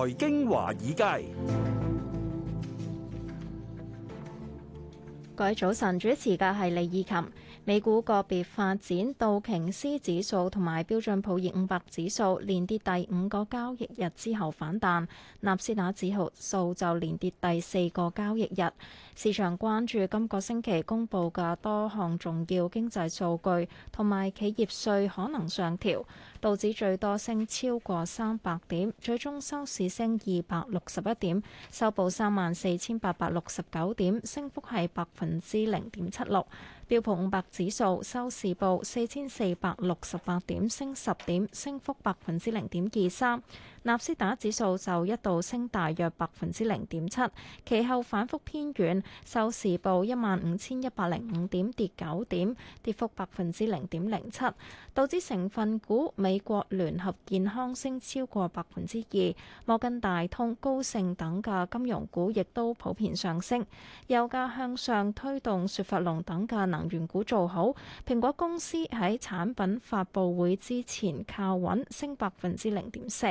財經華爾街，各位早晨，主持嘅係李綺琴。美股個別發展，道瓊斯指數同埋標準普爾五百指數連跌第五個交易日之後反彈，納斯達克指數就連跌第四個交易日。市場關注今個星期公佈嘅多項重要經濟數據同埋企業稅可能上調。道指最多升超過三百點，最終收市升二百六十一點，收報三萬四千八百六十九點，升幅係百分之零點七六。標普五百指數收市報四千四百六十八點，升十點，升幅百分之零點二三。納斯達指數就一度升大約百分之零點七，其後反復偏軟，收市報一萬五千一百零五點，跌九點，跌幅百分之零點零七，導致成分股美國聯合健康升超過百分之二，摩根大通、高盛等嘅金融股亦都普遍上升。油價向上推動，雪佛龍等嘅能源股做好，蘋果公司喺產品發佈會之前靠穩，升百分之零點四。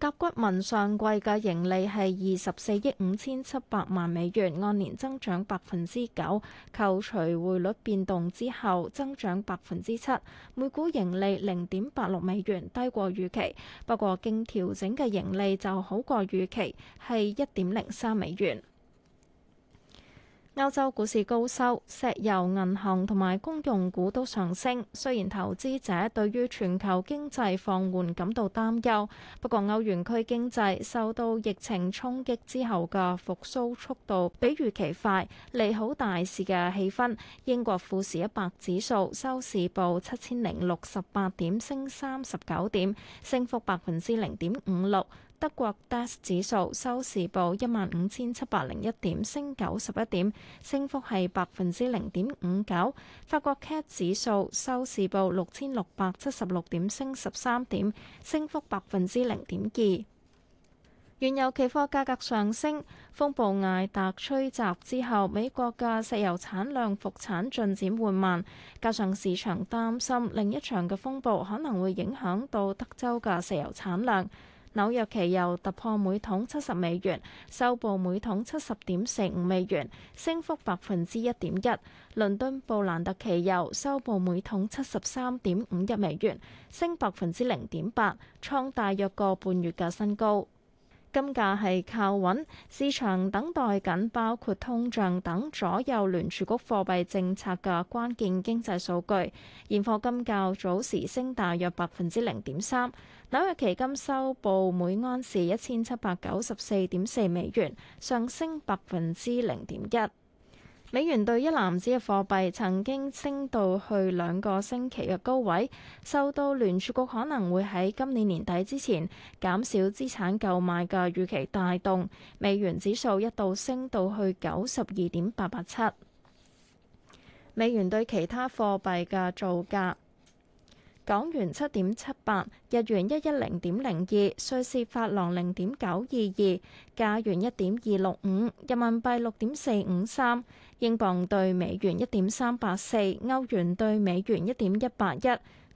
甲骨文上季嘅盈利係二十四億五千七百萬美元，按年增長百分之九，扣除匯率變動之後增長百分之七，每股盈利零點八六美元，低過預期。不過經調整嘅盈利就好過預期，係一點零三美元。歐洲股市高收，石油、銀行同埋公用股都上升。雖然投資者對於全球經濟放緩感到擔憂，不過歐元區經濟受到疫情衝擊之後嘅復蘇速度比預期快，利好大市嘅氣氛。英國富時一百指數收市報七千零六十八點，升三十九點，升幅百分之零點五六。德國 DAX 指數收市報一萬五千七百零一點，升九十一點，升幅係百分之零點五九。法國 CAC 指數收市報六千六百七十六點，升十三點，升幅百分之零點二。原油期貨價格上升，風暴艾達吹襲之後，美國嘅石油產量復產進展緩慢，加上市場擔心另一場嘅風暴可能會影響到德州嘅石油產量。紐約期油突破每桶七十美元，收報每桶七十點四五美元，升幅百分之一點一。倫敦布蘭特期油收報每桶七十三點五一美元，升百分之零點八，創大約個半月嘅新高。金價係靠穩，市場等待緊包括通脹等左右聯儲局貨幣政策嘅關鍵經濟數據。現貨金較早時升大約百分之零點三，紐約期金收報每安士一千七百九十四點四美元，上升百分之零點一。美元兌一籃子嘅貨幣曾經升到去兩個星期嘅高位，受到聯儲局可能會喺今年年底之前減少資產購買嘅預期帶動，美元指數一度升到去九十二點八八七。美元對其他貨幣嘅造價。港元七點七八，日元一一零點零二，瑞士法郎零點九二二，加元一點二六五，人民幣六點四五三，英鎊對美元一點三八四，歐元對美元一點一八一，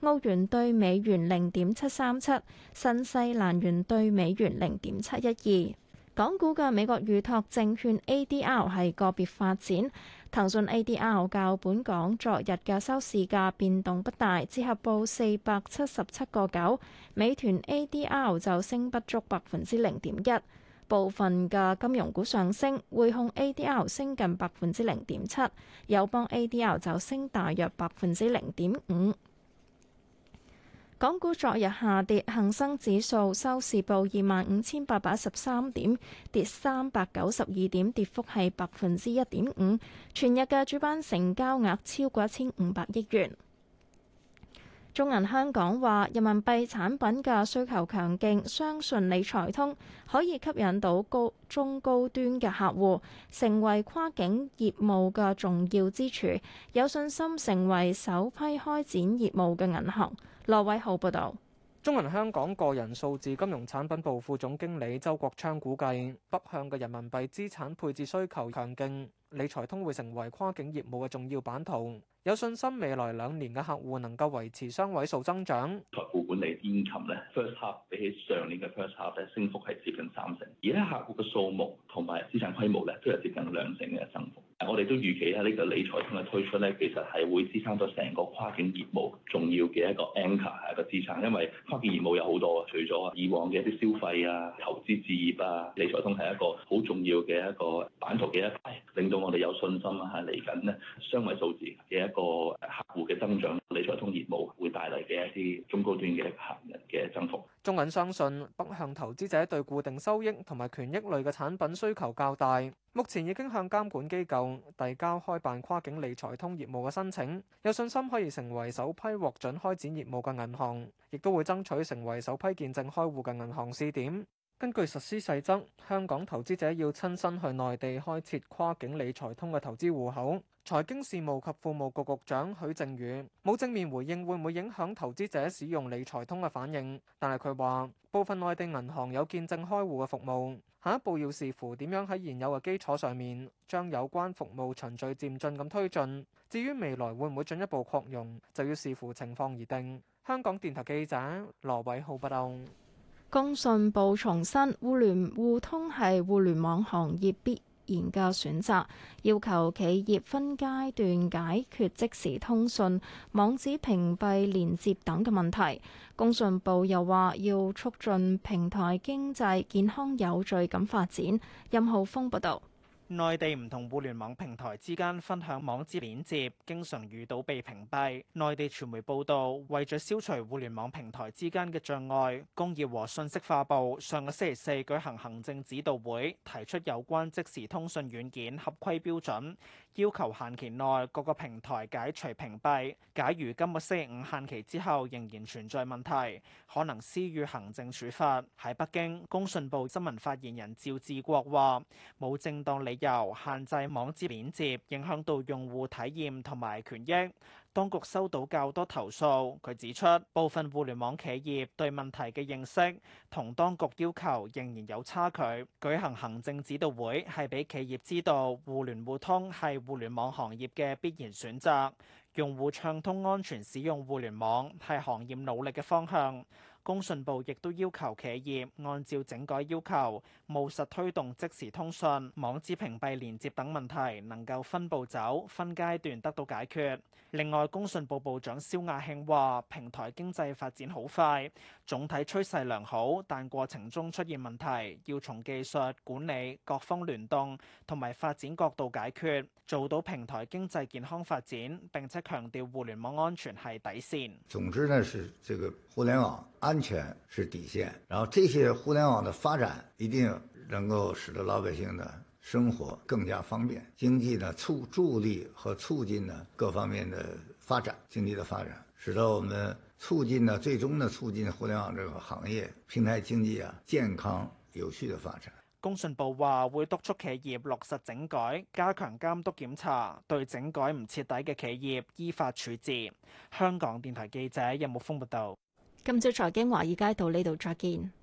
歐元對美元零點七三七，新西蘭元對美元零點七一二。港股嘅美國預託證券 ADR 係個別發展。騰訊 ADR 較本港昨日嘅收市價變動不大，只合報四百七十七個九。美團 ADR 就升不足百分之零點一。部分嘅金融股上升，匯控 ADR 升近百分之零點七，友邦 ADR 就升大約百分之零點五。港股昨日下跌，恒生指數收市報二萬五千八百一十三點，跌三百九十二點，跌幅係百分之一點五。全日嘅主板成交額超過一千五百億元。中銀香港話：人民幣產品嘅需求強勁，相信理財通可以吸引到高中高端嘅客戶，成為跨境業務嘅重要支柱，有信心成為首批開展業務嘅銀行。羅偉浩報道，中銀香港個人數字金融產品部副總經理周國昌估計，北向嘅人民幣資產配置需求強勁，理財通會成為跨境業務嘅重要版圖，有信心未來兩年嘅客戶能夠維持雙位數增長。財富管理端嚟呢 first half 比起上年嘅 first half 升幅係接近三成，而家客戶嘅數目同埋資產規模呢，都係接近兩成嘅增幅。我哋都預期下呢個理財通嘅推出咧，其實係會支撐咗成個跨境業務重要嘅一個 anchor 係一個支撐，因為跨境業務有好多，啊，除咗以往嘅一啲消費啊、投資置業啊，理財通係一個好重要嘅一個版圖嘅一令到我哋有信心啊！嚟緊咧雙位數字嘅一個客戶嘅增長，理財通業務會帶嚟嘅一啲中高端嘅客人嘅增幅。中銀相信北向投資者對固定收益同埋權益類嘅產品需求較大，目前已經向監管機構遞交開辦跨境理財通業務嘅申請，有信心可以成為首批獲准開展業務嘅銀行，亦都會爭取成為首批見證開戶嘅銀行試點。根據實施細則，香港投資者要親身去內地開設跨境理財通嘅投資戶口。財經事務及庫務局局長許正宇冇正面回應會唔會影響投資者使用理財通嘅反應，但係佢話部分內地銀行有見證開戶嘅服務，下一步要視乎點樣喺現有嘅基礎上面將有關服務循序漸進咁推進。至於未來會唔會進一步擴容，就要視乎情況而定。香港電台記者羅偉浩報道。工信部重申，互聯互通係互聯網行業必然嘅選擇，要求企業分階段解決即時通訊網址屏蔽、連接等嘅問題，工信部又話要促進平台經濟健康有序咁發展。任浩峰報道。內地唔同互聯網平台之間分享網址鏈接，經常遇到被屏蔽。內地傳媒報道，為咗消除互聯網平台之間嘅障礙，工業和信息化部上個星期四舉行行政指導會，提出有關即時通訊軟件合規標準。要求限期內各個平台解除屏蔽。假如今個星期五限期之後仍然存在問題，可能施予行政處罰。喺北京，工信部新聞發言人趙志國話：冇正當理由限制網址鏈接，影響到用戶體驗同埋權益。當局收到較多投訴，佢指出部分互聯網企業對問題嘅認識同當局要求仍然有差距。舉行行政指導會係俾企業知道，互聯互通係互聯網行業嘅必然選擇，用戶暢通安全使用互聯網係行業努力嘅方向。工信部亦都要求企業按照整改要求，務實推動即時通訊網址屏蔽、連接等問題能夠分步走、分階段得到解決。另外，工信部部長肖亞慶話平台經濟發展好快，總體趨勢良好，但過程中出現問題要從技術管理各方聯動同埋發展角度解決，做到平台經濟健康發展。並且強調互聯網安全係底線。總之呢，是這個互聯網。安全是底線，然後這些互聯網的發展一定能夠使得老百姓呢生活更加方便，經濟呢促助力和促進呢各方面的發展，經濟的發展，使得我們促進呢最終呢促進互聯網這個行業平台經濟啊健康有序的發展。工信部話會督促企業落實整改，加強監督檢查，對整改唔徹底嘅企業依法處置。香港電台記者任木峰報道。今朝財經華爾街到呢度再見。